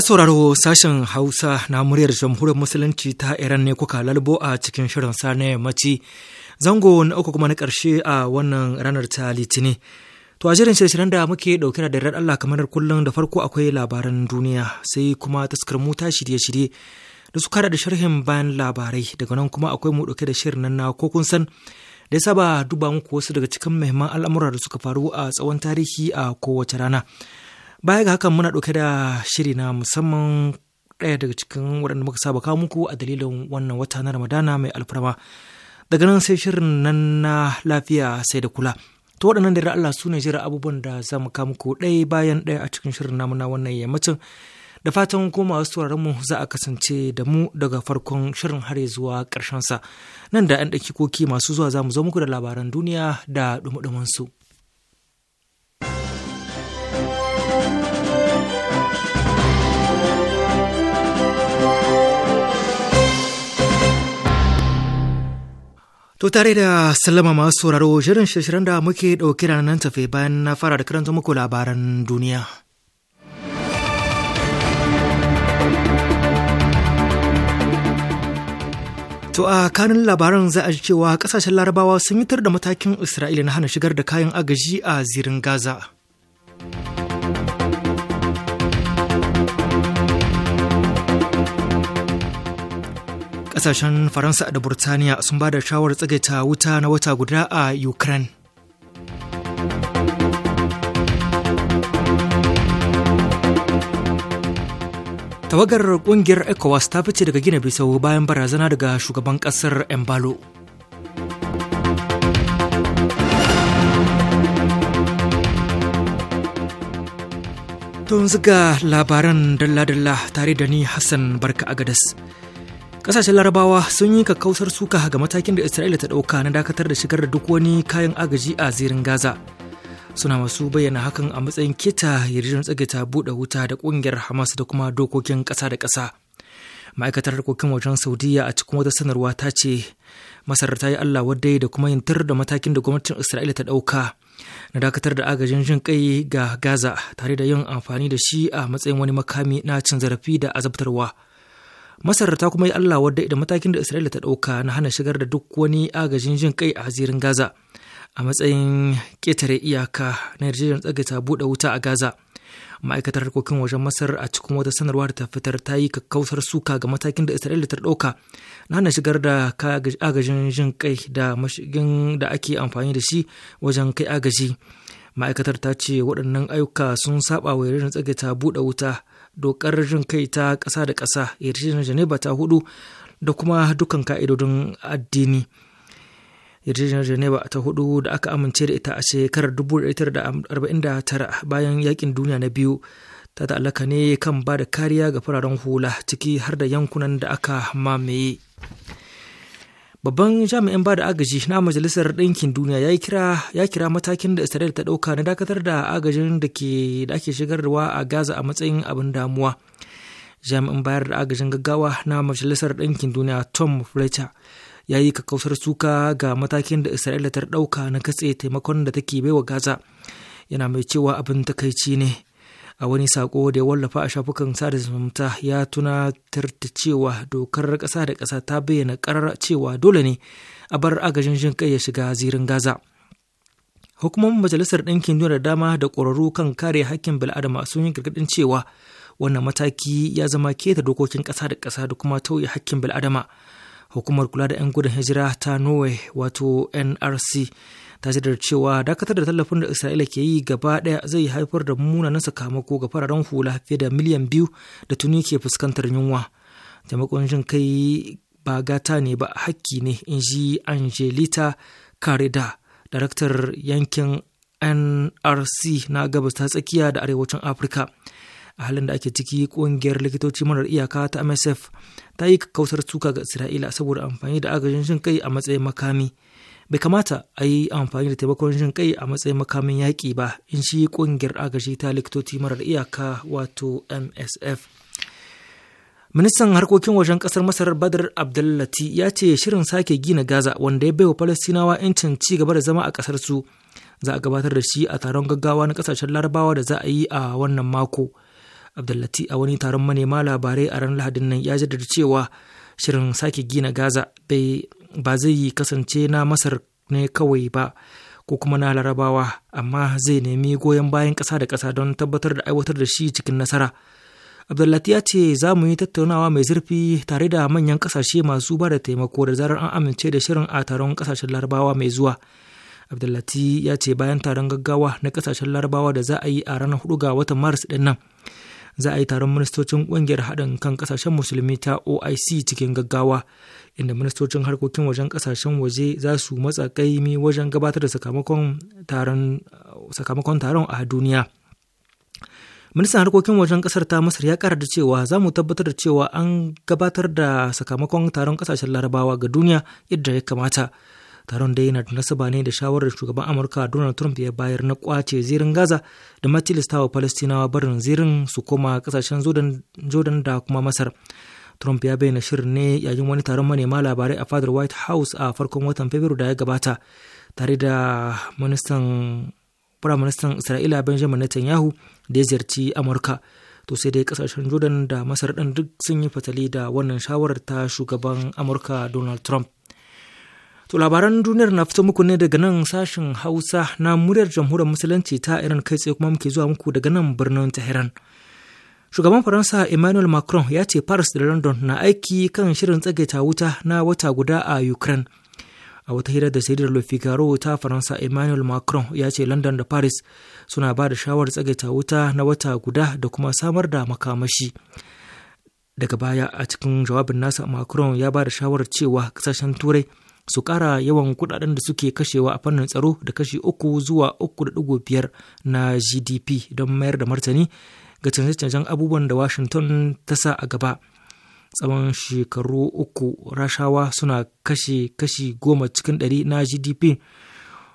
sauraro sashen Hausa na muryar jamhuriyar Musulunci ta Iran ne kuka lalbo a cikin shirin sa na yammaci. Zango na uku kuma na ƙarshe a wannan ranar ta Litini. To a jirin shirye da muke ɗauke da darar Allah kamar kullum da farko akwai labaran duniya sai kuma taskar muta shirye-shirye da su kara da sharhin bayan labarai daga nan kuma akwai mu ɗauke da shirin nan na ko kun san da ya saba duba muku wasu daga cikin muhimman al'amura da suka faru a tsawon tarihi a kowace rana. Baya ga hakan muna ɗauke da shiri na musamman ɗaya daga cikin waɗanda muka saba kawo muku a dalilin wannan wata na Ramadana mai alfarma. Daga nan sai shirin nan na lafiya sai da kula. To waɗannan da Allah su ne jira abubuwan da za mu kawo muku ɗaya bayan ɗaya a cikin shirin namu na wannan yammacin. Da fatan koma wasu mu za a kasance da mu daga farkon shirin har zuwa sa Nan da 'yan ɗaki koki masu zuwa za mu zo muku da labaran duniya da ɗumuɗumansu. su. To tare da sallama masu sauraro shirin shirin da muke ɗauki nan tafe bayan na fara da karanta muku labaran duniya. To a kanin labaran za a ji cewa kasashen larabawa sun yi tar da matakin Isra'ila na hana shigar da kayan agaji a zirin Gaza. Kasashen Faransa da Burtaniya sun ba da shawarar tsagaita wuta na wata guda a Ukraine. Tawagar kungiyar ECOWAS ta fice daga gina bisau bayan barazana daga shugaban kasar Embalo. Tun ziga labaran dalla-dalla tare da ni Hassan Barka Agadas. Kasashen Larabawa sun yi kakkausar suka ga matakin da Isra'ila ta ɗauka na dakatar da shigar da duk wani kayan agaji a zirin Gaza. Suna masu bayyana hakan a matsayin kita yarjejen tsage ta buɗe wuta da ƙungiyar Hamas da kuma dokokin ƙasa da ƙasa. Ma'aikatar harkokin wajen Saudiya a cikin wata sanarwa ta ce Masar ta yi Allah wadai da kuma yintar da matakin da gwamnatin Isra'ila ta ɗauka na dakatar da agajin jin kai ga Gaza tare da yin amfani da shi a matsayin wani makami na cin zarafi da azabtarwa. Masar ta kuma yi Allah wadda da matakin da Isra'ila ta ɗauka na hana shigar da duk wani agajin jin kai a zirin Gaza a matsayin ƙetare iyaka na yarjejeniyar tsagaita buɗe wuta a Gaza. ma'aikatar harkokin wajen masar a cikin wata sanarwa da ta fitar ta yi kakkausar suka ga matakin da isra'ila ta ɗauka na hana shigar da agajin jin kai da mashigin da ake amfani da shi wajen kai agaji ma'aikatar ta ce waɗannan ayyuka sun saɓa wa yarjejeniyar tsagaita buɗe wuta dokar jin kai ta ƙasa da kasa yarjejeniyar janeba ta hudu da kuma dukkan ka'idodin addini. yarjejeniyar janeba ta hudu da aka amince da ita a shekarar 1949 bayan yakin duniya na biyu ta ta'allaka ne kan ba da kariya ga fararen hula ciki har da yankunan da aka mamaye. babban jami'in ba da agaji na majalisar ɗinkin duniya ya kira matakin da isra'il ta ɗauka na dakatar da agajin da ke da ake shigarwa a gaza a matsayin abin damuwa jami'in bayar da agajin gaggawa na majalisar ɗinkin duniya tom fletcher ya yi kakkausar suka ga matakin da isra'ila ta ɗauka na katse taimakon da take baiwa gaza yana mai cewa abin takaici ne a wani sako da ya wallafa a shafukan sada zumunta ya tunatar da cewa dokar ƙasa da ƙasa ta bayyana ƙarar cewa dole ne a bar agajin jin kai ya shiga zirin gaza hukumomin majalisar ɗinkin duniya da dama da ƙwararru kan kare hakkin bil'adama sun yi gargaɗin cewa wannan mataki ya zama keta dokokin kasa da ƙasa da kuma tauye hakkin bil'adama hukumar kula da 'yan gudun hijira ta norway wato nrc ta da cewa dakatar da tallafin da isra'ila ke yi gaba daya zai haifar da munanan sakamako ga fararen hula fiye da miliyan biyu da tuni ke fuskantar yunwa taimakon jin kai ba gata ne ba hakki ne in ji angelita karida daraktar yankin nrc na gabas ta tsakiya da arewacin afirka a halin da ake ciki kungiyar likitoci marar iyaka ta msf ta yi kausar tuka ga isra'ila saboda amfani da agajin jin kai a matsayin makami bai kamata a yi amfani da taimakon jin kai a matsayin makamin yaƙi ba in shi ƙungiyar agaji ta likitoci marar iyaka wato msf ministan harkokin wajen kasar masar badar abdullati ya ce shirin sake gina gaza wanda ya baiwa falastinawa 'yancin ci gaba da zama a kasar su za a gabatar da shi a taron gaggawa na kasashen larabawa da za a yi a wannan mako abdullati a wani taron manema labarai a ran lahadin nan ya jaddada cewa shirin sake gina gaza bai ba zai yi kasance na masar ne kawai ba ko kuma na larabawa amma zai nemi goyon bayan ƙasa da ƙasa don tabbatar da aiwatar da shi cikin nasara abdullati ya ce za mu yi tattaunawa mai zurfi tare da manyan kasashe masu ba da taimako da zarar an amince da shirin a taron kasashen larabawa mai zuwa abdullati ya ce bayan taron gaggawa na ƙasashen larabawa da za a yi a ranar hudu ga watan maris ɗin nan za a yi taron ministocin ƙungiyar haɗin kan kasashen musulmi ta oic cikin gaggawa inda ministocin harkokin wajen kasashen waje za su matsa kaimi wajen gabatar da sakamakon taron a duniya ministan harkokin wajen kasar ta masar ya kara da cewa za mu tabbatar da cewa an gabatar da sakamakon taron kasashen larabawa ga duniya yadda ya kamata taron dai yana da nasaba ne da shawarar shugaban amurka donald trump ya bayar na kwace zirin gaza da matilistawa palestinawa barin zirin su koma kasashen jordan da kuma masar Trump ya bayyana shirin ne yayin wani taron manema labarai a fadar White House a farkon watan Fabrairu da ya gabata tare da ministan Isra'ila Benjamin Netanyahu da ya ziyarci Amurka. To sai dai kasashen Jordan da Masar ɗin duk sun yi fatali da wannan shawarar ta shugaban Amurka Donald Trump. To labaran duniyar na fito muku ne daga nan sashen Hausa na muryar jamhuriyar Musulunci ta Iran kai tsaye kuma muke zuwa muku daga nan birnin Tehran. Shugaban Faransa Emmanuel Macron ya ce Paris da London na aiki kan shirin tsagaita wuta na wata guda a Ukraine. A wata hira da sayidar Le Figaro ta Faransa Emmanuel Macron ya ce London da Paris suna ba da shawarar tsagaita wuta na wata guda da kuma samar da makamashi. Daga baya a cikin jawabin nasa Macron ya ba da shawarar cewa kasashen Turai su kara yawan kuɗaɗen da suke kashewa a fannin tsaro da kashi uku zuwa uku da biyar na GDP don mayar da martani ga canje-canjen abubuwan da washington ta sa a gaba tsawon shekaru uku rashawa suna kashe kashi goma cikin ɗari na gdp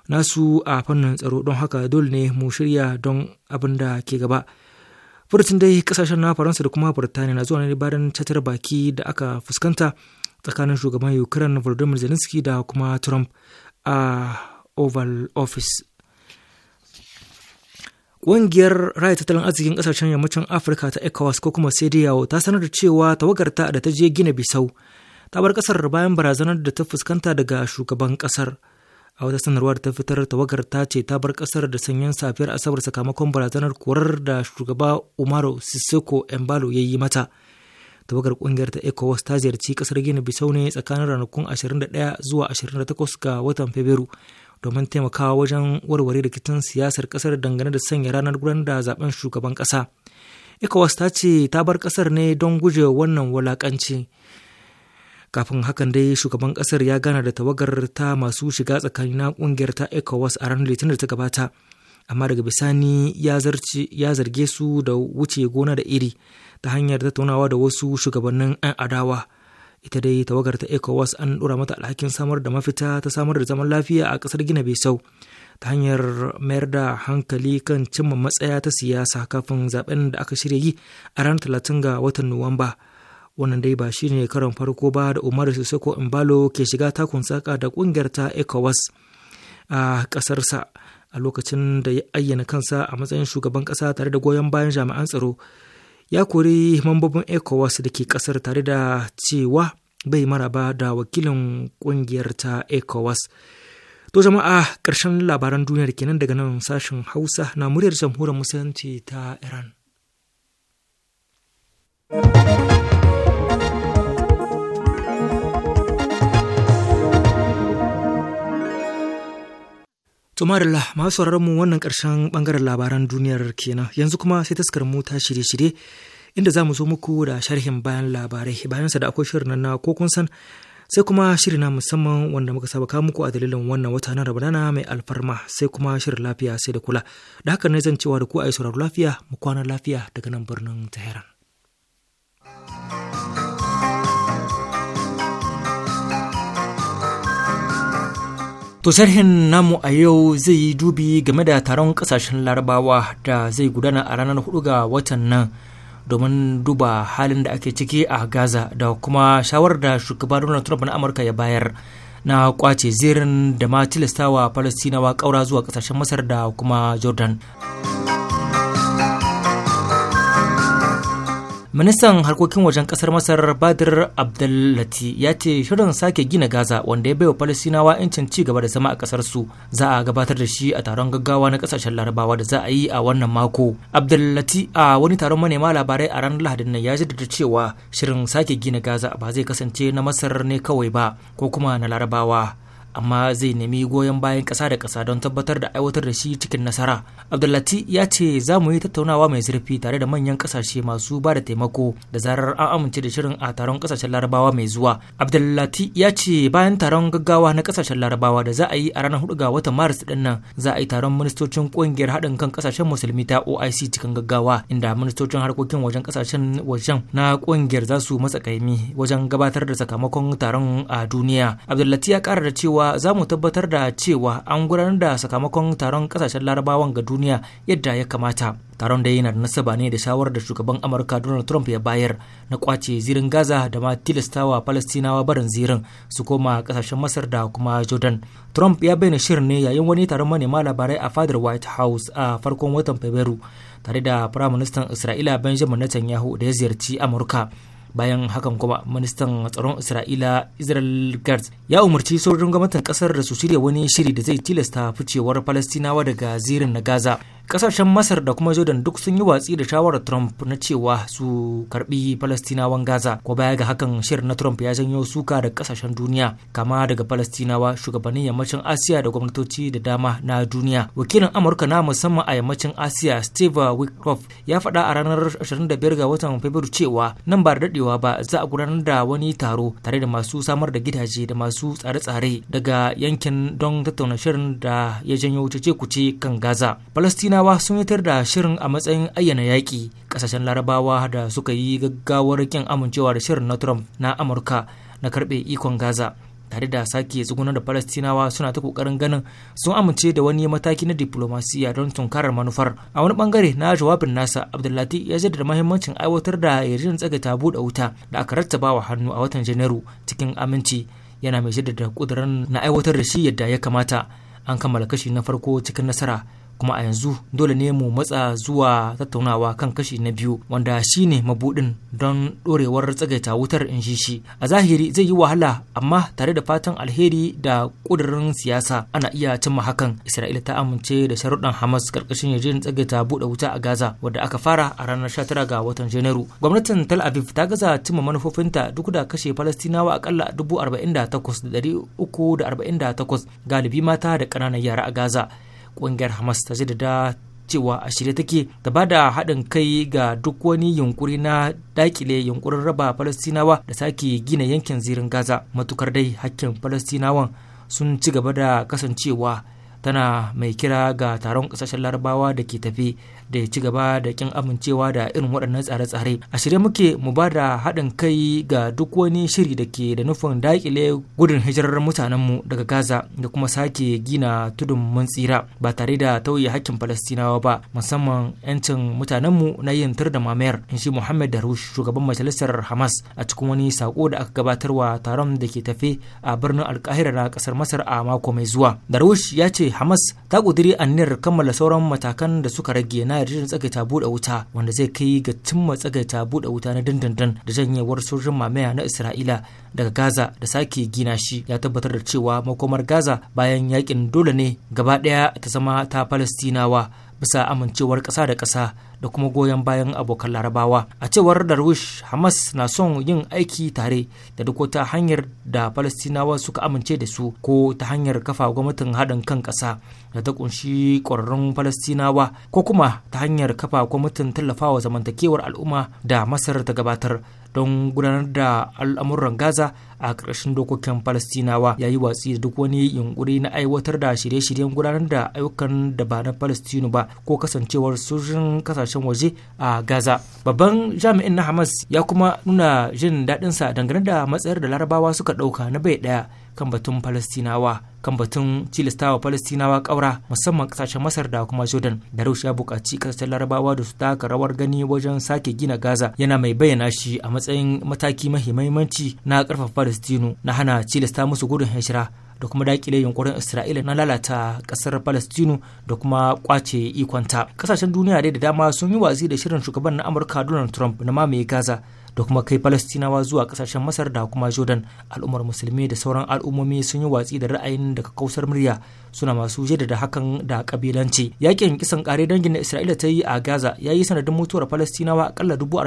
nasu a fannin tsaro don haka dole ne mu shirya don abin da ke gaba furtun dai kasashen na faransa da kuma burtaniya na zuwa ne bayan catar baki da aka fuskanta tsakanin shugaban ukraine volodymyr zelensky da kuma trump a oval office Ƙungiyar raya tattalin arzikin ƙasashen yammacin Afirka ta ECOWAS ko kuma CEDEAO ta sanar da cewa tawagarta da ta je Gina Bisau ta bar ƙasar bayan barazanar da ta fuskanta daga shugaban ƙasar. A wata sanarwar ta fitar tawagar ta ce ta bar ƙasar da sanyin safiyar Asabar sakamakon barazanar korar da shugaba Umaru Sissoko Embalo ya yi mata. tawagar ƙungiyar ta ecowas ta ziyarci ƙasar gini bisau ne tsakanin ranakun 21 zuwa 28 ga watan fabrairu domin taimakawa wajen warware rikicin siyasar kasar dangane da sanya ranar gudan da zaben shugaban kasa ecowas ta ce ta bar kasar ne don guje wannan wulakanci kafin hakan dai shugaban kasar ya gana da tawagar ta masu shiga tsakanin na kungiyar ta ecowas a ranar litinin da ta gabata amma daga bisani ya zarge su da wuce gona da iri ta hanyar tattaunawa da wasu shugabannin 'yan adawa ita dai tawagar ta ecowas an dora mata alhakin samar da mafita ta samar da zaman lafiya a kasar gina bisau ta hanyar mayar da hankali kan cimma matsaya ta siyasa kafin zaben da aka shirya yi a ranar talatin ga watan nuwamba wannan dai ba shine karon farko ba da umar sissoko imbalo ke shiga takun saka da kungiyar ta ecowas a kasarsa a lokacin da ya ayyana kansa a matsayin shugaban kasa tare da goyon bayan jami'an tsaro ya kori mambobin ecowas da ke kasar tare da cewa bai maraba da wakilin kungiyar ta ecowas to jama'a ƙarshen labaran duniya da kenan daga nan sashen hausa na muryar jamhuriyar musulunci ta iran Tumarilla masu sauraron mu wannan ƙarshen ɓangaren labaran duniyar kenan yanzu kuma sai taskar mu ta shirye-shirye inda za mu zo muku da sharhin bayan labarai bayan sa da akwai shirin na ko kun san sai kuma shirin na musamman wanda muka saba kawo muku a dalilin wannan wata na rabana mai alfarma sai kuma shirin lafiya sai da kula da haka ne zan cewa da ku a yi sauraro lafiya mu kwana lafiya daga nan birnin Tehran. To sharhin namu a yau zai yi dubi game da taron kasashen larabawa da zai gudana a ranar 4 ga watan nan domin duba halin da ake ciki a Gaza da kuma shawarar da shugaban Donald Trump na Amurka ya bayar na kwace zirin da ma tilastawa Falastinawa kaura zuwa kasashen Masar da kuma Jordan. ministan harkokin wajen kasar masar badir abdullati ya ce shirin sake gina gaza wanda ya baiwa falasinawa 'yancin ci gaba da zama a kasar su za a gabatar da shi a taron gaggawa na kasashen larabawa da za a yi a wannan mako abdullati a wani taron manema labarai a ranar lahadin nan ya jaddada cewa shirin sake gina gaza ba zai kasance na masar ne kawai ba ko kuma na larabawa amma zai nemi goyon bayan ƙasa da kasa don tabbatar da aiwatar da shi cikin nasara abdullati ya ce za mu yi tattaunawa mai zurfi tare da manyan kasashe masu ba da taimako da zarar an amince da shirin a taron ƙasashen larabawa mai zuwa abdullati ya ce bayan taron gaggawa na ƙasashen larabawa da za a yi a ranar hudu ga watan maris din nan za a yi taron ministocin ƙungiyar haɗin kan ƙasashen musulmi ta oic cikin gaggawa inda ministocin harkokin wajen ƙasashen wajen na ƙungiyar za su matsa kaimi wajen gabatar da sakamakon taron a duniya abdullati ya kara da cewa cewa za mu tabbatar da cewa an gudanar da sakamakon taron kasashen larabawan ga duniya yadda ya kamata taron da yana da nasaba ne da shawar da shugaban amurka donald trump ya bayar na kwace zirin gaza da ma tilastawa palestinawa barin zirin su koma kasashen masar da kuma jordan trump ya bayyana shirin ne yayin wani taron manema labarai a fadar white house a farkon watan fabrairu tare da firaministan isra'ila benjamin netanyahu da ya ziyarci amurka bayan hakan kuma ministan tsaron isra'ila israel gertz ya umarci sojojin gwamnatin kasar da su shirya wani shiri da zai tilasta ficewar falastinawa daga zirin na gaza kasashen masar da kuma jordan duk sun yi watsi da shawarar trump na cewa su karbi falastinawan gaza ko baya ga hakan shirin na trump ya janyo suka da kasashen duniya kama daga Palestinawa, shugabannin yammacin asiya da gwamnatoci da dama na duniya wakilin amurka na musamman a yammacin asiya steve wickoff ya faɗa a ranar 25 ga watan fabrairu cewa nan ba da daɗewa ba za a gudanar da wani taro tare da masu samar da gidaje da masu tsare-tsare daga yankin don tattauna shirin da ya janyo cece-kuce kan gaza palestina Falasɗinawa sun yi da shirin a matsayin ayyana yaƙi ƙasashen larabawa da suka yi gaggawar kin amincewa da shirin na Trump na Amurka na karɓe ikon Gaza tare da sake tsugunar da falastinawa suna ta ƙoƙarin ganin sun amince da wani mataki na diplomasiya don tunkarar manufar. A wani bangare na jawabin nasa Abdullati ya jaddada mahimmancin aiwatar da yarjejen tsagaita buɗe wuta da aka rattaba wa hannu a watan Janairu cikin aminci yana mai jaddada ƙudurin na aiwatar da shi yadda ya kamata. An kammala kashi na farko cikin nasara kuma a yanzu dole ne mu matsa zuwa tattaunawa kan kashi na biyu wanda shi ne mabudin don ɗorewar tsagaita wutar in shi shi a zahiri zai yi wahala amma tare da fatan alheri da ƙudurin siyasa ana iya cimma hakan isra'ila ta amince da sharuɗan hamas karkashin yajin tsagaita buɗe wuta a gaza wadda aka fara a ranar 19 ga watan janairu gwamnatin tel aviv ta gaza cimma manufofinta duk da kashe falastinawa akalla 48,348 galibi mata da ƙananan yara a gaza ƙungiyar hamas ta da cewa a shirye take ta ba da haɗin kai ga duk wani yunkuri na dakile yunkurin raba falastinawa da sake gina yankin zirin gaza matukar dai hakkin falastinawan sun ci gaba da kasancewa tana mai kira ga taron ƙasashen larabawa da ke tafi da ya ci gaba da kin amincewa da irin waɗannan tsare-tsare a shirye muke mu ba da haɗin kai ga duk wani shiri da ke da nufin daƙile gudun hijirar mutanenmu daga gaza da kuma sake gina tudun mun tsira ba tare da tauye hakkin falastinawa ba musamman 'yancin mutanenmu na yin tur da mamayar in shi muhammad darush shugaban majalisar hamas a cikin wani sako da aka gabatarwa taron da ke tafe a birnin alkahira na kasar masar a mako mai zuwa darush ya ce hamas ta ƙudiri aniyar kammala sauran matakan da suka rage na yarjejeniyar tsagaita buɗe wuta wanda zai kai ga cimma tsagaita buɗe wuta na dandandan da janyewar sojin mamaya na Isra'ila daga Gaza da sake gina shi ya tabbatar da cewa makomar Gaza bayan yakin dole ne gaba ɗaya ta zama ta Falastinawa bisa amincewar ƙasa da ƙasa da kuma goyon bayan abokan larabawa a cewar darwish hamas na son yin aiki tare da duk wata hanyar da falastinawa suka amince da su ko ta hanyar kafa gwamnatin haɗin kan ƙasa da ta kunshi ƙwararrun falastinawa ko kuma ta hanyar kafa kwamitin tallafawa zamantakewar al'umma da masar ta gabatar don gudanar da al'amuran gaza a ƙarshen dokokin falastinawa ya yi watsi da duk wani yunkuri na aiwatar da shirye-shiryen gudanar da ayyukan da ba na falastinu ba ko kasancewar sojin kasashen waje a gaza babban jami'in na hamas ya kuma nuna jin daɗinsa dangane da matsayar da larabawa suka ɗauka na bai ɗaya kan batun falastinawa kan batun tilastawa falastinawa ƙaura musamman kasashen masar da kuma jordan da ya buƙaci kasashen larabawa da su taka rawar gani wajen sake gina gaza yana mai bayyana shi a matsayin mataki mahimmanci na ƙarfafa Falastinu na hana cilasta musu gudun hijira da kuma dakile yunkurin Isra'ila na lalata ƙasar Falastinu da kuma kwace ikonta. Kasashen duniya dai da dama sun yi watsi da shirin shugaban na Amurka Donald Trump na mamaye Gaza da kuma kai falastinawa zuwa kasashen masar da kuma jordan al'ummar musulmi da sauran al'ummomi sun yi watsi da ra'ayin daga kausar murya suna masu jaddada hakan da kabilanci yakin kisan kare dangin da isra'ila ta yi a gaza ya yi sanadin mutuwar falastinawa akalla dubu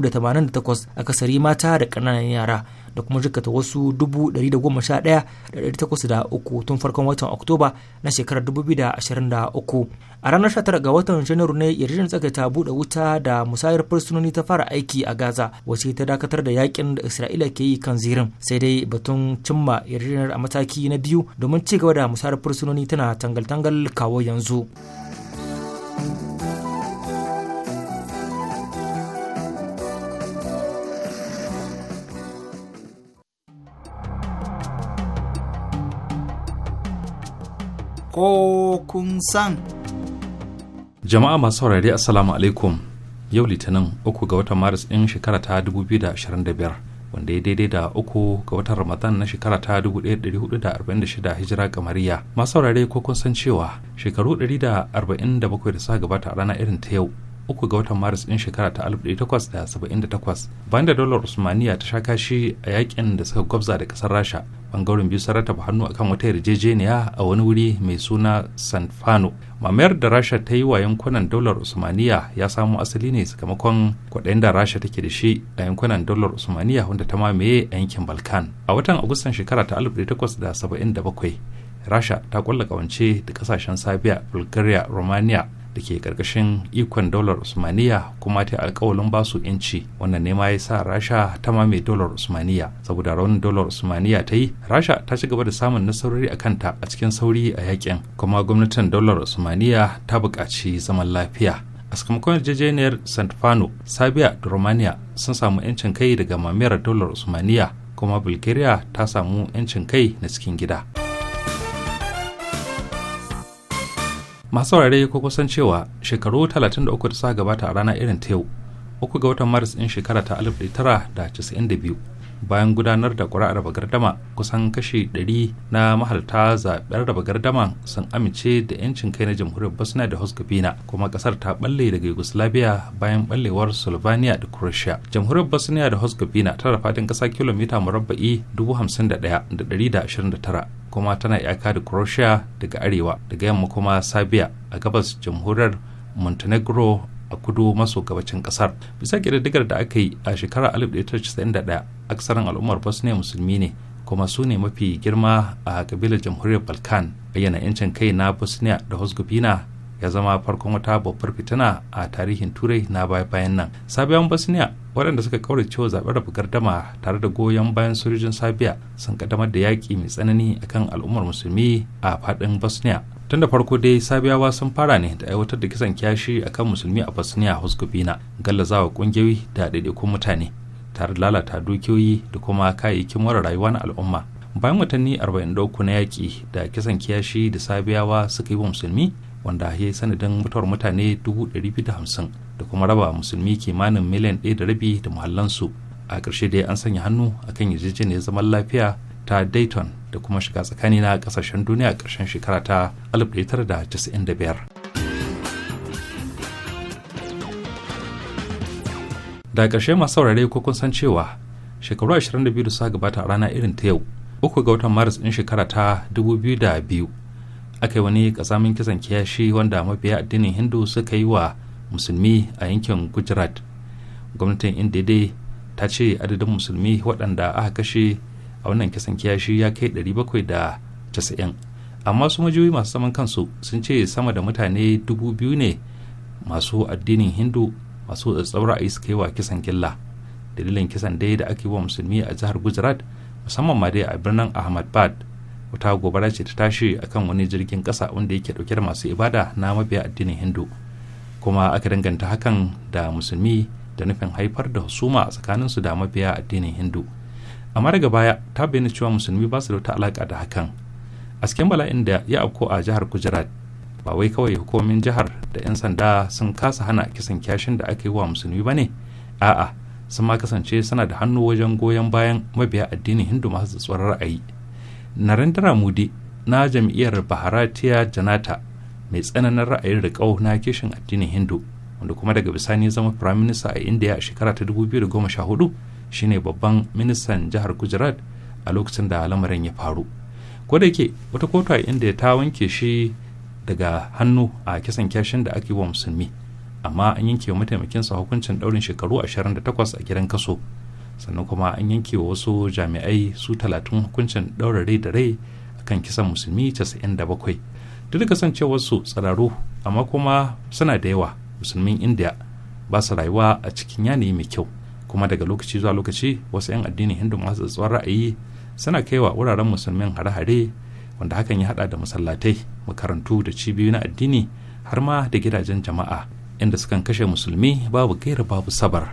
da takwas akasari mata da ƙananan yara da kuma jikata wasu 111,803 tun farkon watan oktoba na shekarar 2023 a ranar 19 ga watan janairu ne tsaka tsakaita buɗe wuta da musayar fursunoni ta fara aiki a gaza wace ta dakatar da yakin da isra'ila ke yi kan zirin sai dai batun cimma yarjejinar a mataki na biyu domin ci gaba da musayar fursunoni tana tangal-tangal kawo yanzu. ko kun san. Jama'a masu saurari Assalamu alaikum yau litinin uku ga watan Maris ɗin shekara ta 2025 wanda ya daidai da uku ga watan Ramadan na shekara ta 1446 hijira kamariya. Masu saurari ko kun san cewa shekaru 147 da suka gabata a rana irin ta yau uku ga watan maris ɗin shekara ta 1878 bayan da dolar usmaniya ta sha kashi a yakin da suka gwabza da kasar rasha bangaren biyu sun rataba hannu akan wata yarjejeniya a wani wuri mai suna sanfano mamayar da rasha ta yi wa yankunan daular usmaniya ya samo asali ne sakamakon kwaɗayin da rasha take da shi a yankunan daular usmaniya wanda ta mamaye a yankin balkan a watan agustan shekara ta 1877 rasha ta kulla kawance da kasashen sabiya bulgaria romania da ke karkashin ikon dolar usmaniya kuma ta alkawalin basu yanci wannan nema ma ya sa rasha ta mame dolar usmaniya saboda raunin dolar usmaniya ta yi rasha ta ci gaba da samun nasarori a kanta a cikin sauri a yakin kuma gwamnatin dolar usmaniya ta buƙaci zaman lafiya a sakamakon yarjejeniyar st fano sabiya da romania sun samu yancin kai daga mamayar dolar usmaniya kuma bulgaria ta samu yancin kai na cikin gida. masu saurare ko kusan cewa shekaru 33 da suka gabata a rana irin ta yau uku ga watan maris ɗin shekara ta 1992 bayan gudanar da ƙuri'ar raba gardama kusan kashi 100 na mahalarta zaɓen raba gardama sun amince da 'yancin kai na jamhuriyar bosnia da herzegovina kuma ƙasar ta ɓalle daga yugoslavia bayan ɓallewar slovenia da croatia jamhuriyar bosnia da herzegovina tana da faɗin ƙasa kilomita murabba'i 51,129 kuma tana yaka da croatia daga arewa daga yamma kuma serbia a gabas jamhuriyar montenegro a kudu maso gabacin kasar bisa kididdigar da aka yi a shekarar 1991 aksarin al'ummar bosnia musulmi ne kuma su ne mafi girma a kabilar jamhuriyar balkan bayyana 'yancin kai na bosnia da herzegovina ya zama farkon wata babbar fitina a tarihin turai na baya-bayan nan sabiyan bosnia waɗanda suka kaurace wa zaɓen rabu gardama tare da goyon bayan sojojin sabiya sun kaddamar da yaƙi mai tsanani akan al'ummar musulmi a faɗin bosnia tun da farko dai sabiyawa sun fara ne da aiwatar da kisan kyashi akan musulmi a bosnia herzegovina gallazawa ƙungiyoyi da ɗaiɗaikun mutane tare da lalata dukiyoyi da kuma kayayyakin mara rayuwa na al'umma bayan watanni 43 na yaƙi da kisan kiyashi da sabiyawa suka yi wa musulmi wanda ya yi sanadin mutuwar mutane 250,000 da kuma raba musulmi kimanin miliyan ɗaya da rabi da muhallansu a ƙarshe dai an sanya hannu a kan yarjejeniyar zaman lafiya ta dayton da kuma shiga tsakani na ƙasashen duniya a ƙarshen shekara ta 1995 da ƙarshe masu saurare ko kun san cewa shekaru 22 da suka gabata a rana irin ta yau uku ga watan maris ɗin shekara ta 2002 aka yi wani kasamin kisan kiyashi wanda mafiya addinin hindu suka yi wa musulmi a yankin gujarat gwamnatin inda dai ta ce adadin musulmi waɗanda aka kashe a wannan kisan kiyashi ya kai 790 amma su majiyoyi masu saman kansu sun ce sama da mutane 2000 ne masu addinin hindu masu tsatsauran ra'ayi suka yi wa kisan killa dalilin kisan dai da ake wa musulmi a jihar gujarat musamman ma dai a birnin ahmad wata gobara ce ta tashi akan wani jirgin ƙasa wanda yake ɗauke da masu ibada na mabiya addinin hindu kuma aka danganta hakan da musulmi da nufin haifar da husuma a tsakaninsu da mabiya addinin hindu amma daga baya ta bayyana cewa musulmi ba su da wata alaƙa da hakan asken bala'in da ya afko a jihar gujarat ba wai kawai hukumomin jihar da 'yan sanda sun kasa hana kisan kyashin da aka yi wa musulmi ba ne a'a sun ma kasance suna da hannu wajen goyon bayan mabiya addinin hindu masu tsoron ra'ayi narendra modi na jam'iyyar baharatiya janata mai tsananin ra'ayin riƙau na kishin addinin hindu wanda kuma daga bisani zama prime minister a india a shekara ta 2014 shine babban ministan jihar gujarat a lokacin da lamarin ya faru ko wata kotu a india ta wanke shi daga hannu a kisan kashin da ake yi wa musulmi amma an yanke wa sa hukuncin daurin shekaru 28 a gidan kaso sannan kuma an yanke wa wasu jami'ai su talatin hukuncin ɗaura rai da rai a kan kisan musulmi casa'in 97 duk da wasu tsararru amma kuma suna da yawa musulmin indiya ba su rayuwa a cikin yanayi mai kyau kuma daga lokaci zuwa lokaci wasu 'yan addinin hindu masu tsatsuwar ra'ayi suna kaiwa wuraren musulmin hare-hare wanda hakan ya haɗa da masallatai makarantu da cibiyoyi na addini har ma da gidajen jama'a inda sukan kashe musulmi babu gaira babu sabar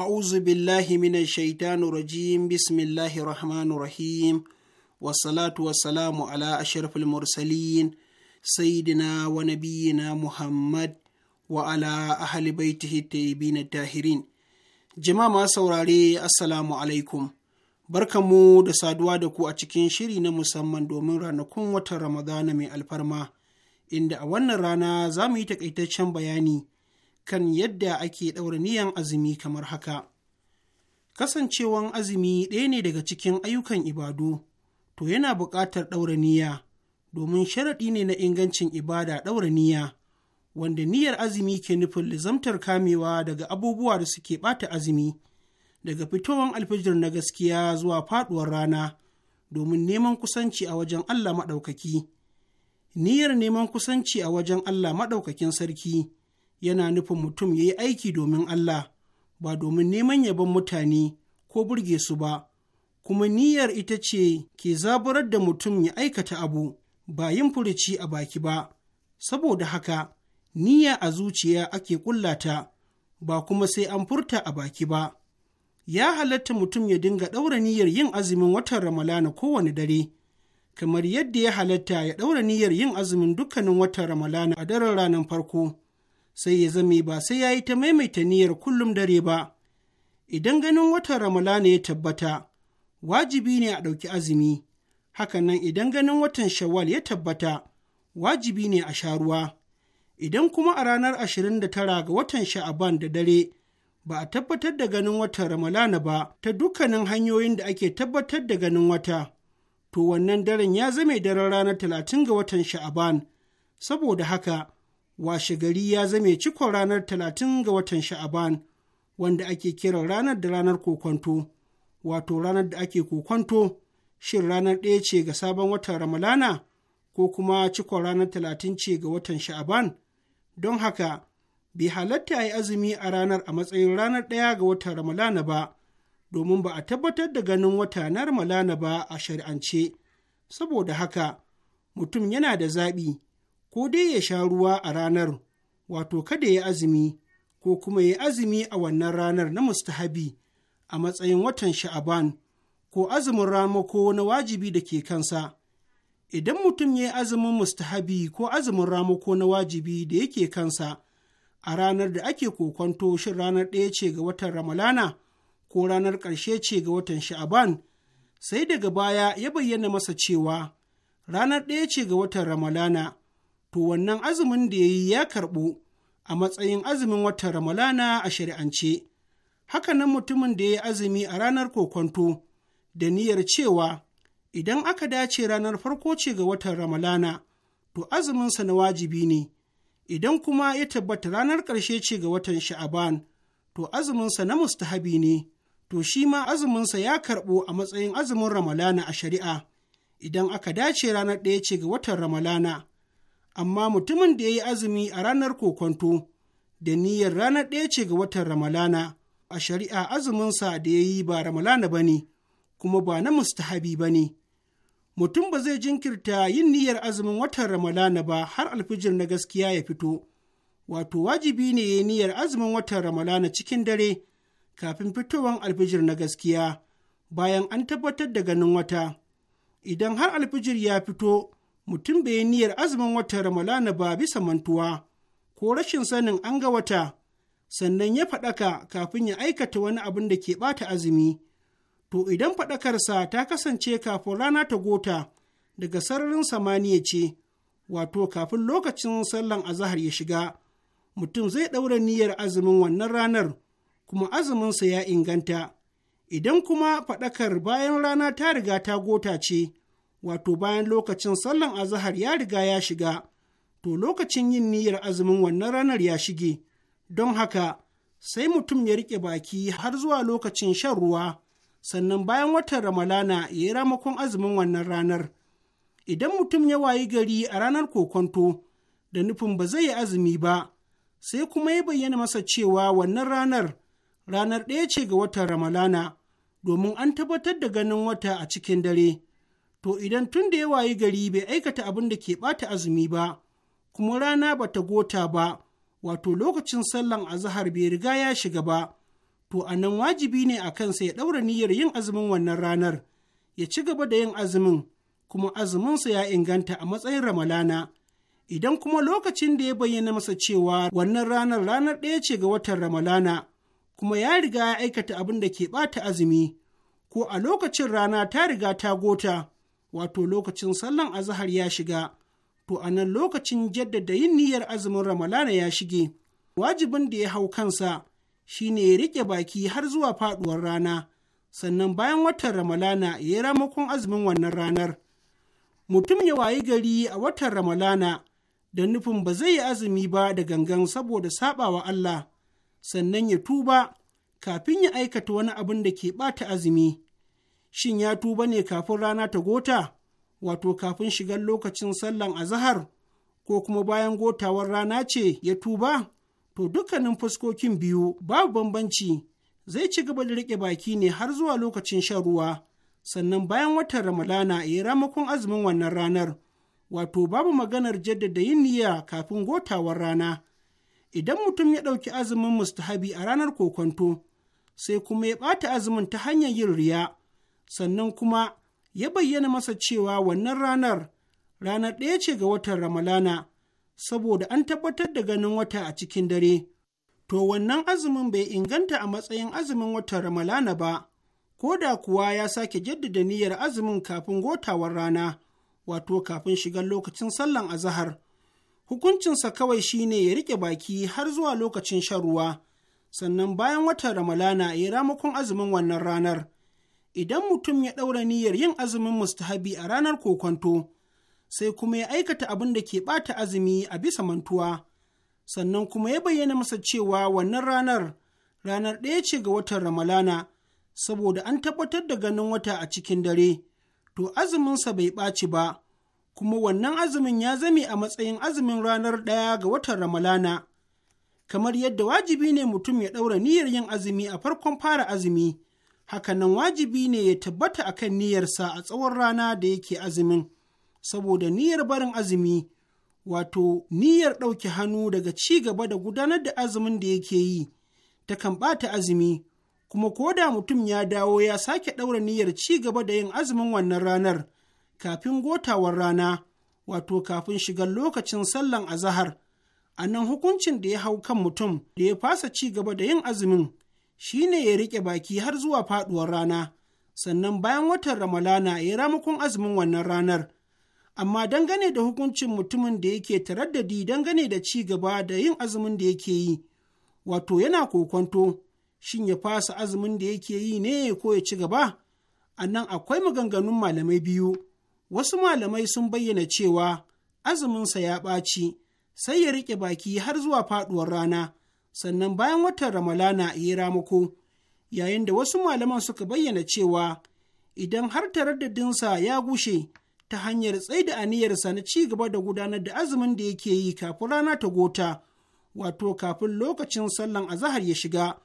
A'uzu billahi mina shaitanu rajim, bismillahi rahmanu rahim, wasalatu wasalamu ala ashirfil mursalin, saidina wa nabiyina Muhammad wa ala ahali baitihi na tahirin. Jama'a ma saurare, Assalamu alaikum. Barkamu da saduwa da ku a cikin shiri na musamman domin ranakun watan Ramadana mai alfarma, inda a wannan rana za mu yi taƙaitaccen bayani. kan yadda ake ɗaura niyan azumi kamar haka. Kasancewan azumi ɗaya ne daga cikin ayyukan ibadu, to yana buƙatar ɗaura niyya, domin sharaɗi ne na ingancin ibada ɗaura niyya, wanda niyyar azumi ke nufin lizamtar kamewa daga abubuwa da suke ɓata azumi, daga fitowan alfijir na gaskiya zuwa faɗuwar rana, domin neman kusanci a wajen Allah maɗaukaki. Niyyar neman kusanci a wajen Allah maɗaukakin sarki. yana nufin mutum ya yi aiki domin Allah, ba domin neman yabon mutane ko burge su ba, kuma niyyar ita ce ke zaburar da mutum ya aikata abu, ba yin furuci a baki ba, saboda haka niyya a zuciya ake kullata, ba kuma sai an furta a baki ba. Ya halatta mutum ya dinga ɗaura niyyar yin azumin watan Ramalana kowane dare. kamar yadda ya halatta ya ɗaura niyyar yin azumin dukkanin watan Ramalana a daren ranar farko, sai ya zame ba sai ya yi ta maimaita niyyar kullum dare ba. Idan ganin watan Ramalana ya tabbata, wajibi ne a ɗauki azumi, hakanan idan ganin watan Shawwal ya tabbata, wajibi ne a sha ruwa. Idan kuma a ranar ashirin da tara ga watan Sha'aban da dare ba a tabbatar da ganin watan Ramalana ba ta dukkanin hanyoyin da ake tabbatar da ganin wata, to wannan daren ya zame daren ranar talatin ga watan Sha'aban, saboda haka. washe gari ya zame cikon ranar talatin ga watan sha'aban wanda ake kiran ranar da ranar kokwanto wato ranar da ake kokwanto shin ranar ɗaya ce ga sabon watan ramalana ko kuma cikon ranar talatin ce ga watan sha'aban don haka bai halatta a yi azumi a ranar a matsayin ranar ɗaya ga watan ramalana ba domin ba a tabbatar da ganin wata na ramalana ba a shari'ance saboda haka mutum yana da zaɓi ko dai ya sha ruwa a ranar, wato kada ya azumi, ko kuma ya azumi a wannan ranar na mustahabi a matsayin watan sha'aban, ko azumin ramako na wajibi da ke kansa. Idan mutum ya yi azumin mustahabi ko azumin ramako na wajibi da yake kansa a ranar da ake kokwanto shin ranar ɗaya ce ga watan Ramalana ko ranar ƙarshe ce ga watan sha'aban, sai daga baya ya bayyana masa cewa ranar ɗaya ce ga watan Ramalana. to wannan azumin da ya yi ya karɓu a matsayin azumin watan Ramalana a shari'ance. Hakanan mutumin da ya yi azumi a ranar kokonto da niyyar cewa idan aka dace ranar farko ce ga watan Ramalana, to azuminsa na wajibi ne, idan kuma ya tabbata ranar ƙarshe ce ga watan Sha'aban, to azuminsa na mustahabi ne, to shi ma azuminsa ya karɓo a matsayin azumin Ramalana a shari'a, idan aka dace ranar ɗaya ce ga watan Ramalana. amma mutumin da ya yi azumi a ranar kokonto da niyyar ranar ɗaya ce ga watan Ramalana, a shari'a azuminsa da ya yi ba Ramalana ba ne, kuma ba na mustahabi ba ne. Mutum ba zai jinkirta yin niyyar azumin watan Ramalana ba har alfijir na gaskiya ya fito, wato wajibi ne ya yi niyyar azumin watan Ramalana cikin dare kafin fitowar alfijir na gaskiya bayan an tabbatar da ganin wata. Idan har alfijir ya fito, mutum bai yi niyyar azumin watan Ramalana ba bisa mantuwa ko rashin sanin an ga wata, sannan ya faɗaka kafin ya aikata wani abin da ke ɓata azumi. To idan faɗakarsa ta kasance kafin rana ta gota daga sararin samaniya ce, wato kafin lokacin sallan azahar ya shiga, mutum zai ɗaura niyyar azumin wannan ranar, kuma azuminsa ya inganta. Idan kuma faɗakar bayan rana ta riga ta gota ce, wato bayan lokacin sallan azahar ya riga ya shiga, to lokacin yin niyyar azumin wannan ranar ya shige, don haka sai mutum ya riƙe baki har zuwa lokacin shan ruwa, sannan bayan watan Ramalana ya yi ramakon azumin wannan ranar. Idan mutum ya wayi gari a ranar kokonto, da nufin ba zai yi azumi ba, sai kuma ya bayyana masa cewa wannan ranar ranar ɗaya ce ga watan Ramalana, domin an tabbatar da ganin wata a cikin dare. to idan tun da ya wayi gari bai aikata abin da ke ɓata azumi ba, kuma rana ba ta gota ba, wato lokacin sallan azahar bai riga ya shiga ba, to a nan wajibi ne a kansa ya ɗaura niyyar yin azumin wannan ranar, ya ci gaba da yin azumin, kuma azuminsa ya inganta a matsayin Ramalana. Idan kuma lokacin da ya bayyana masa cewa wannan ranar ranar ɗaya ce ga watan Ramalana, kuma ya riga ya aikata abin da ke ɓata azumi, ko a lokacin rana ta riga ta gota. wato lokacin sallan azahar ya shiga, to a nan lokacin jaddada yin niyyar azumin Ramalana ya shige, wajibin da ya hau kansa shine ya riƙe baki har zuwa faɗuwar rana, sannan bayan watan Ramalana ya yi ramakon azumin wannan ranar. Mutum ya wayi gari a watan Ramalana da nufin ba zai yi azumi ba da gangan saboda saɓawa Allah, sannan ya tuba kafin ya aikata wani abin da ke ɓata azumi. shin ya tuba ne kafin rana ta gota wato kafin shigar lokacin sallan azahar ko kuma bayan gotawar rana ce ya tuba to dukkanin fuskokin biyu babu bambanci zai ci gaba da riƙe baki ne har zuwa lokacin shan ruwa sannan bayan watan ramadana ya yi ramakon azumin wannan ranar wato babu maganar jaddada yin niyya kafin gotawar rana idan mutum ya ɗauki azumin mustahabi a ranar kokonto sai kuma ya ɓata azumin ta hanyar yin riya sannan kuma ya bayyana masa cewa wannan ranar ranar ɗaya ce ga watan Ramalana, saboda an tabbatar da ganin wata a cikin dare. To wannan azumin bai inganta a matsayin azumin watan Ramalana ba, ko da kuwa ya sake jaddada niyyar azumin kafin gotawar rana, wato kafin shigar lokacin sallan azahar. Hukuncinsa kawai shine ya riƙe baki har zuwa lokacin shan ruwa, sannan bayan watan Ramalana ya ramakon azumin wannan ranar. idan mutum ya ɗaura niyyar yin azumin mustahabi a ranar kokwanto, sai kuma ya aikata abin da ke ɓata azumi a bisa mantuwa, sannan kuma ya bayyana masa cewa wannan ranar ranar ɗaya ce ga watan Ramalana, saboda an tabbatar da ganin wata a cikin dare, to azuminsa bai ɓaci ba, kuma wannan azumin ya zame a matsayin azumin ranar ɗaya ga watan Ramalana. Kamar yadda wajibi ne mutum ya ɗaura niyyar yin azumi a farkon fara azumi. hakanan wajibi ne ya tabbata a kan niyyarsa a tsawon rana da yake azumin, saboda niyyar barin azumi, wato niyyar ɗauke hannu daga ci gaba da gudanar da azumin da yake yi, takan ɓata azumi, kuma ko da mutum ya dawo ya sake ɗaura niyyar ci gaba da yin azumin wannan ranar, kafin gotawar rana, wato kafin shigar lokacin sallan azahar, a nan hukuncin da ya hau kan mutum da ya fasa ci gaba da yin azumin. shi ne ya riƙe baki har zuwa faɗuwar rana, sannan bayan watan Ramalana ya ramakon azumin wannan ranar. Amma dangane da hukuncin mutumin da yake taraddadi dangane da ci gaba da yin azumin da yake yi, wato yana kokonto, shin ya fasa azumin da yake yi ne ko ya ci gaba? A nan akwai maganganun malamai biyu, wasu malamai sun bayyana cewa azuminsa ya ɓaci, sai ya riƙe baki har zuwa faɗuwar rana. sannan bayan watan ramalana ya ramako yayin da wasu malaman suka bayyana cewa idan har taraddadinsa ya gushe ta hanyar tsaida aniyarsa na ci gaba da gudanar da azumin da yake yi kafin rana ta gota wato kafin lokacin sallan azahar ya shiga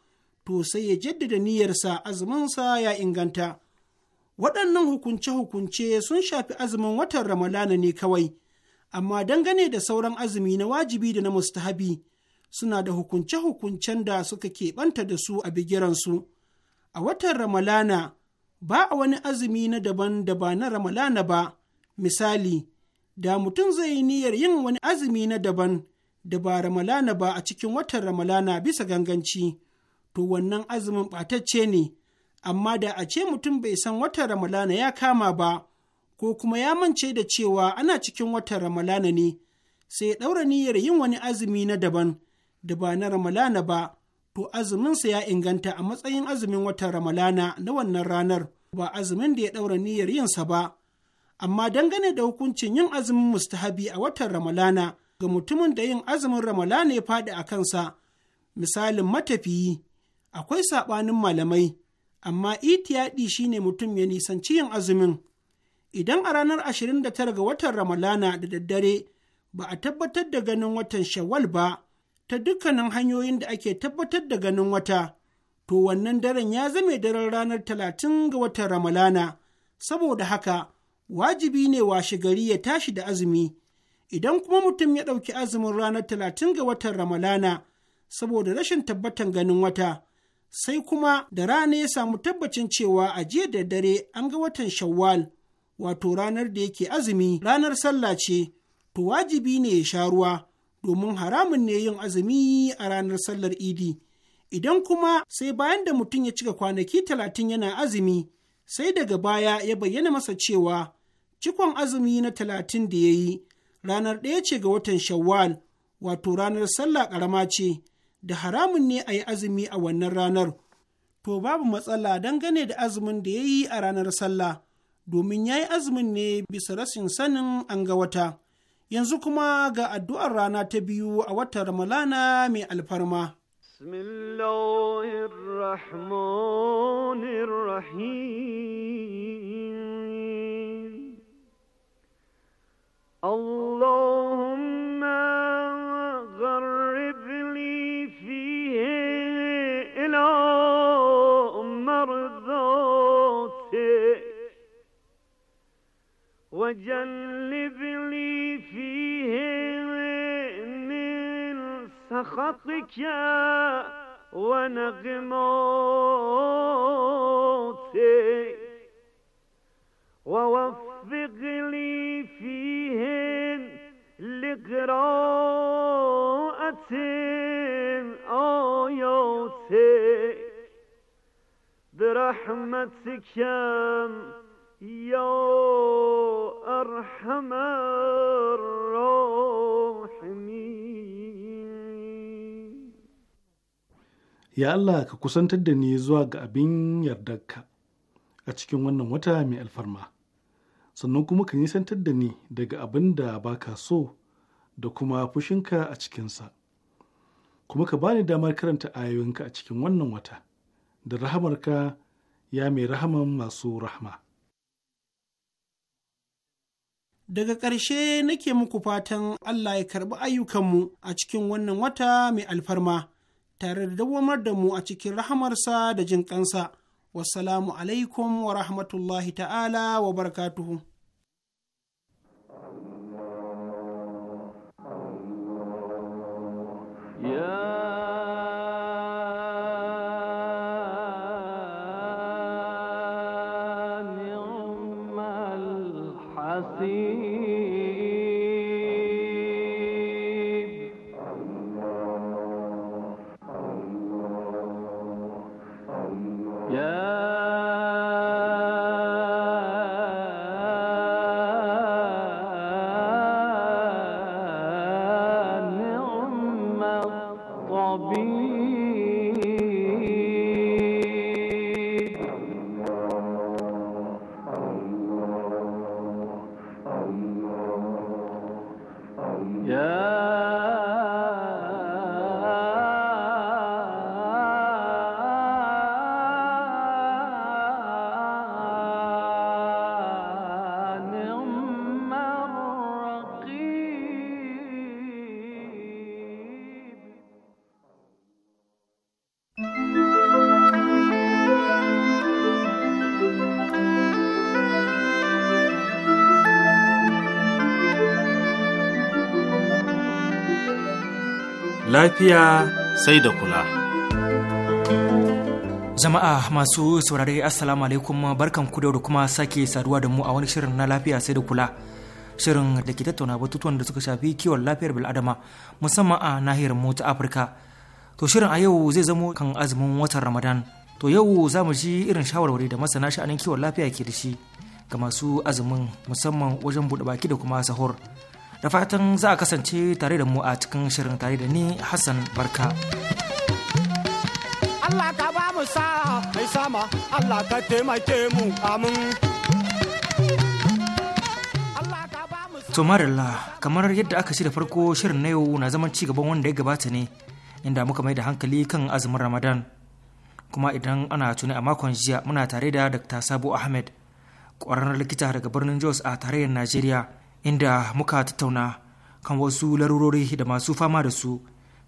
to sai ya jaddada niyyarsa azuminsa ya inganta waɗannan hukunce-hukunce sun shafi azumin watan ramalana ne kawai amma dangane da sauran azumi na wajibi da na mustahabi suna da hukunce-hukuncen da suka keɓanta da su a bigiransu. A watan Ramalana ba a wani azumi na daban da ba na Ramalana ba, misali, da mutum zai yi niyyar yin wani azumi na daban da ba Ramalana ba a cikin watan Ramalana bisa ganganci, to wannan azumin ɓatacce ne, amma da a ce mutum bai san watan Ramalana ya kama ba, ko kuma ya mance da cewa ana cikin watan Ramalana ne, sai ya ɗaura niyyar yin wani azumi na daban. da ba na Ramalana ba, to azuminsa ya inganta a matsayin azumin watan Ramalana na wannan ranar, ba azumin da ya ɗaura niyyar yinsa ba. Amma dangane da hukuncin yin azumin mustahabi a watan Ramalana ga mutumin da yin azumin Ramalana ya faɗi a kansa, misalin matafiyi, akwai saɓanin malamai, amma itiyaɗi shine mutum ya nisanci yin azumin. Idan a ranar 29 ga watan Ramalana da daddare ba a tabbatar da ganin watan Shawwal ba, ta dukkanin hanyoyin da ake tabbatar da ganin wata, to wannan daren ya zame daren ranar talatin ga watan Ramalana, saboda haka wajibi ne washe gari ya tashi da azumi, idan kuma mutum ya ɗauki azumin ranar talatin ga watan Ramalana, saboda rashin tabbatan ganin wata, sai kuma da rana ya samu tabbacin cewa a jiya da dare an ga watan Shawwal, wato ranar da yake azumi ranar sallah ce, to wajibi ne ya sha ruwa. domin haramun ne yin azumi a ranar sallar idi idan kuma sai bayan da mutum ya cika kwanaki talatin yana azumi sai daga baya ya bayyana masa cewa cikon azumi na talatin da ya yi ranar ɗaya ce ga watan shawwal wato ranar sallah ƙarama ce da haramun ne a yi azumi a wannan ranar to babu matsala dangane da azumin da ya yi a ranar sallah domin ya yi azumin ne bisa rashin sanin an ga wata yanzu kuma ga addu'ar rana ta biyu a watan Ramalana mai alfarma. Allahumma وجلب لي فيه من سخطك ونغماتك ووفق لي فيهن لقراءة آياتك برحمتك يا أرحم يا الله ka kusantar da ni zuwa ga abin ka a cikin wannan wata mai alfarma sannan kuma ka nisantar da ni daga abin da ba ka so da kuma fushinka a cikinsa kuma ka bani damar karanta ayoyinka a cikin wannan wata da rahamarka ya mai rahaman masu rahama Daga ƙarshe nake muku fatan Allah ya karɓi ayyukanmu a cikin wannan wata mai alfarma, tare da dawamar da mu a cikin rahamarsa da jin ƙansa. Wassalamu alaikum wa rahmatullahi ta'ala wa barakatuhu. Yeah. lafiya sai da kula. Jama'a masu saurare Assalamu alaikum barkan ku da kuma sake saduwa da mu a wani shirin na lafiya sai da kula. Shirin da ke tattauna batutuwan da suka shafi kiwon lafiyar bil'adama musamman a nahiyar mu ta Afirka. To shirin a yau zai zamo kan azumin watan Ramadan. To yau za mu ji irin shawarwari da masana sha'anin kiwon lafiya ke da shi ga masu azumin musamman wajen buɗe baki da kuma sahur. da fatan za a kasance tare da mu a cikin shirin tare da ni Hassan Barka. Allah ka ba mu sa mai sama Allah ka taimake mu amin. Tumarilla kamar yadda aka ci da farko shirin na yau na zaman cigaban wanda ya gabata ne inda muka mai da hankali kan azumin Ramadan. Kuma idan ana tuni a makon jiya muna tare da Dr. Sabo Ahmed, ƙwararren likita daga birnin Jos a tarayyar Najeriya. inda muka tattauna kan wasu larurori da masu fama da su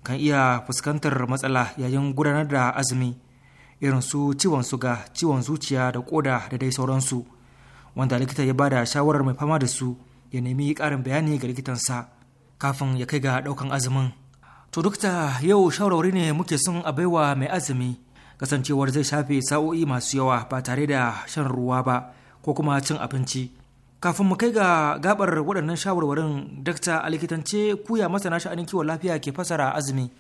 kan iya fuskantar matsala yayin gudanar da azumi irin su ciwon suga ciwon zuciya da koda da dai sauransu wanda likita ya bada shawarar mai fama da su ya nemi ƙarin bayani ga likitansa kafin ya kai ga ɗaukan azumin to dukta yau shawarwari ne muke son a baiwa mai azumi kasancewar zai shafe sa'o'i masu yawa ba tare da shan ruwa ba ko kuma cin abinci kafin mu kai ga gabar waɗannan shawarwarin dakta a likitance kuya masana sha'anin kiwon lafiya ke fasara azumi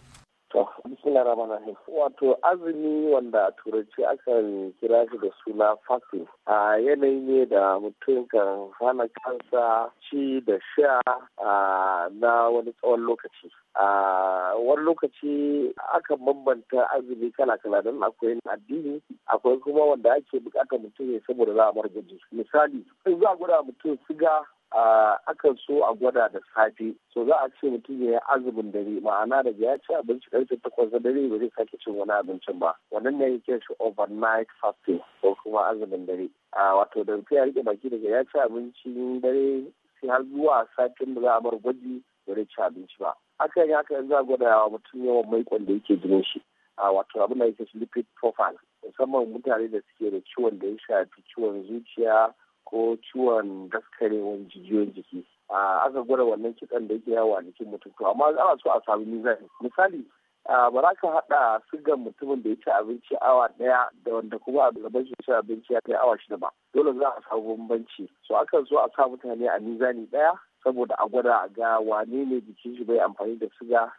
Wato azumi wanda a turanci akan kira shi da suna fasting. A yanayi ne da mutum kan hana kansa ci da sha na wani tsawon lokaci. A wani lokaci akan bambanta azumi kala-kala don akwai na addini, akwai kuma wanda ake bukatar mutum ne saboda za a bar gaji. Misali, in za a gwada mutum siga akan so a gwada da safe so za a ce mutum ya yi azumin dare ma'ana daga ya ci abinci karfe takwas da dare ba zai sake cin wani abincin ba wannan ne yake shi overnight fasting ko kuma azumin dare wato da ya rike baki daga ya ci abincin dare sai har zuwa safin da za a bar gwaji ba zai ci abinci ba haka yi haka yanzu a gwada wa mutum yawan maikon da yake jinin shi wato abin da yake shi lipid profile musamman mutane da suke da ciwon da ya shafi ciwon zuciya ko ciwon daskarewan jijiyoyin jiki a aka gwada wannan kitsan da yake yawa jikin mutum to amma ana so a samu mizani misali ba za ka haɗa sigan mutumin da ya ci abinci awa ɗaya da wanda kuma a gaban shi ci abinci ya kai awa shida ba dole za a samu bambanci so akan so a sa mutane a mizani ɗaya saboda a gwada a ga wane ne jikin shi bai amfani da siga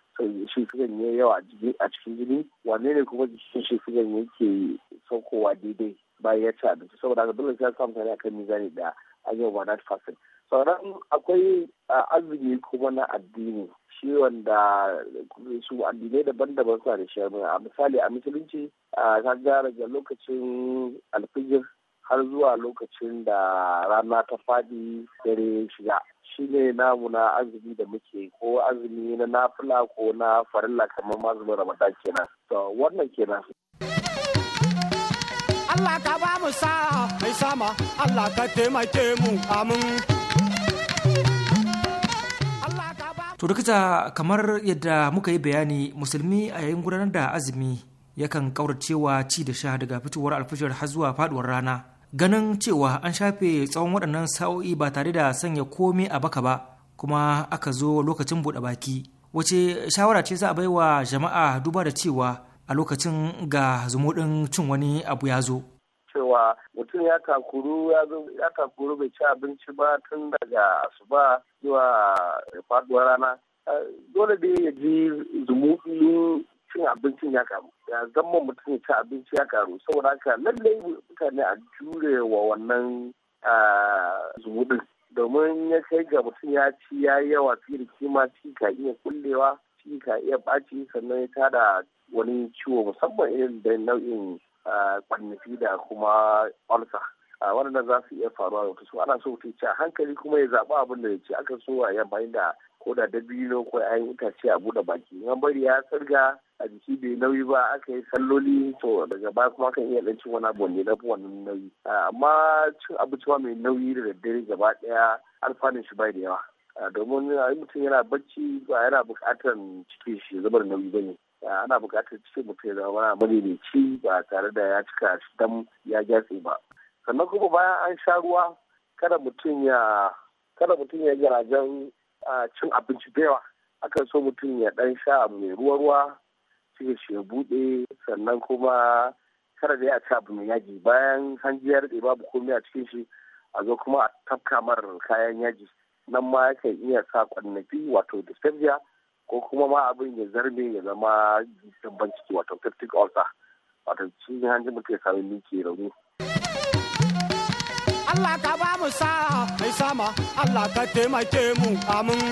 shi sigan ya yawa a cikin jini wane ne kuma jikin shi sigan yake saukowa daidai bayan ya ci abinci saboda haka dole sai samu tare akan mizani da hanyar ba night fasting sauran akwai azumi kuma na addini shi wanda su addinai daban-daban suna da shi a misali a musulunci ta ga daga lokacin alfijir har zuwa lokacin da rana ta fadi dare shiga shi ne namu na azumi da muke ko azumi na nafila ko na farilla kamar mazumin ramadan kenan to wannan kenan Allah ka ba mu sa'a mai sama Allah ka taimake mu amin. To rikita kamar yadda muka yi bayani musulmi a yayin gudanar da azumi yakan kauracewa ci da sha daga fitowar alfashar har zuwa faduwar rana. Ganin cewa an shafe tsawon waɗannan sa'o'i ba tare da sanya komai a baka ba kuma aka zo lokacin buɗe baki. Wace shawara ce za a baiwa jama'a duba da cewa a lokacin ga zumuɗin cin wani abu ya zo. Cewa mutum ya takuru ya takuru bai ci abinci ba tun daga asuba zuwa faduwar rana. Eh, dole da ya ji zumuɗin cin abincin ya karu ya zama mutum ya ci abinci ya karu saboda haka lallai mutane a jure wa wannan eh, zumuɗin domin ya kai ga mutum ya ci ya yawa fiye da kima ci ka iya kullewa jiki ka iya baci sannan ya da wani ciwo musamman irin da nau'in kwanifi da kuma ulcer waɗannan za su iya faruwa da su ana so mutum ci a hankali kuma ya zaɓi abin da ya ci aka so a yamma da ko da dabino ko ayan itace a buɗe baki in bari ya tsirga a jiki bai nauyi ba aka yi salloli to daga baya kuma kan iya ɗancin wani abu ne na wannan nauyi amma cin abinci mai nauyi da daddare gaba ɗaya alfanun shi bai da yawa Ah, domin a ah, mutum yana bacci ba yana buƙatar cikin shi zubar nauyi ba ne ah, ana buƙatar cikin mutum ya zama madaidaici ba tare da ya cika shi dam ya gyatse ba sannan kuma bayan an sha ruwa kada mutum ya kada mutum garajen cin abinci da yawa akan so mutum ya dan sha mai ruwa ruwa cikin shi ya buɗe sannan kuma kada da ya ci abu mai yaji bayan hanjiyar ya babu komai a cikin shi a zo kuma a tafka mar kayan yaji nan ma yakan iya sa kwanafi wato dyspepsia ko kuma ma abin ya zarbe ya zama jambon ciki wato peptic ulcer wato cikin hanji mutum ya sami miki rauni. Allah ka ba mu sa mai sama Allah ka taimake mu amin.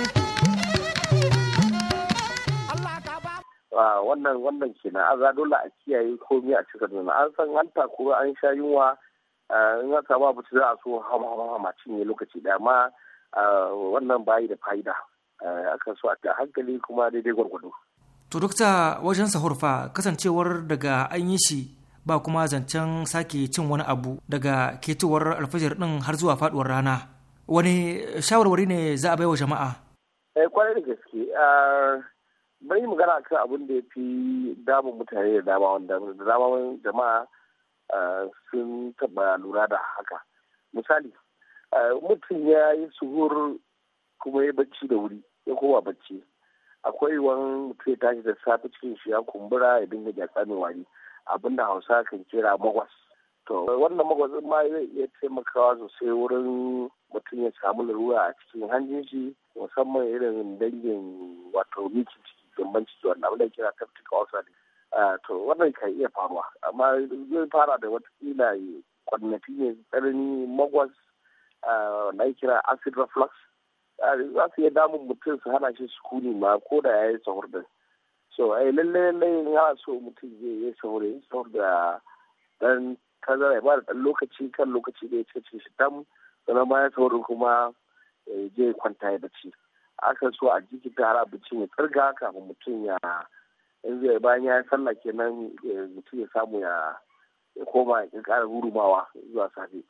wannan wannan ke an aza dole a kiyaye komai a cikin nuna an san hanta ko an sha yunwa eh, in aka ba za a so hama hama cinye lokaci da ma. wannan bayi da fa'ida akan so a hankali kuma daidai gwargwado to dokta wajen sahurfa kasancewar daga an yi shi ba kuma zancen sake cin wani abu daga ketowar alfajir din har zuwa faduwar rana wani shawarwari ne za a baiwa jama'a eh, kwarai da gaske bai yi magana kan abin da ya fi damun mutane da dama wanda da dama jama'a sun taba lura da haka misali mutum ya yi suhur kuma ya bacci da wuri ya koma bacci akwai wani mutum ya tashi da safe cikin shi ya kumbura ya dinga da mai wari abinda hausa kan kira magwas to wannan magwazin ma zai taimakawa sosai wurin mutum ya samu larura a cikin hanjin shi musamman irin dangin wato mikin ciki gamban ciki wannan abin da kira taftika ulcer to wannan kan iya faruwa amma zai fara da wata kila kwannafi ne tsarin magwas Na yi kira acid reflux za su iya damun mutum su hana shi sukuni ma ko da ya yi sahur din so ai lalle lalle ya so mutum zai yi sahur ya sahur da dan tazara ya ba da dan lokaci kan lokaci da ya ce shi dam sannan bayan sahur kuma je kwanta ya bacci aka so a jiki ta har abinci mai tsirga kafin mutum ya in zai bayan ya sallah kenan mutum ya samu ya koma ya ƙara hurumawa zuwa safe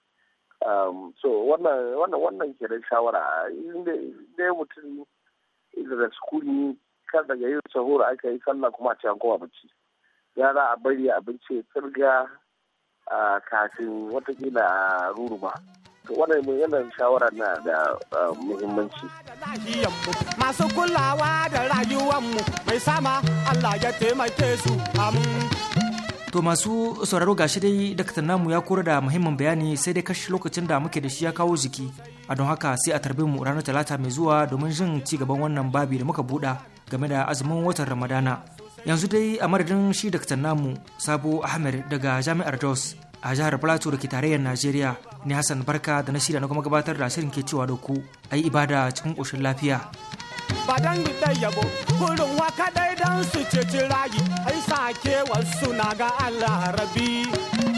Um, so wannan wannan kenan shawara inda mutum daga sukuni kan daga yin sahur aka yi sallah kuma a cikin kowa bacci za a bari abinci ya tsirga kafin watakila a ruruma to wannan yanayin shawara na da muhimmanci masu kulawa da rayuwanmu mai sama Allah ya taimake su amin To masu sauraro gashi dai daktar namu ya kura da muhimmin bayani sai dai kashi lokacin da muke da shi ya kawo jiki. A don haka sai a tarbe mu ranar talata mai zuwa domin jin ci gaban wannan babi da muka buɗa game da azumin watan Ramadana. Yanzu dai a madadin shi daktar namu Sabo Ahmed daga Jami'ar Jos a jihar Plateau da ke tarayyar Najeriya ni Hassan Barka da na shirya na kuma gabatar da shirin ke cewa da ku a yi ibada cikin ƙoshin lafiya. ba dan da yabo kurin waka dai dan su ceci rayi ai sake wasu na ga Allah rabi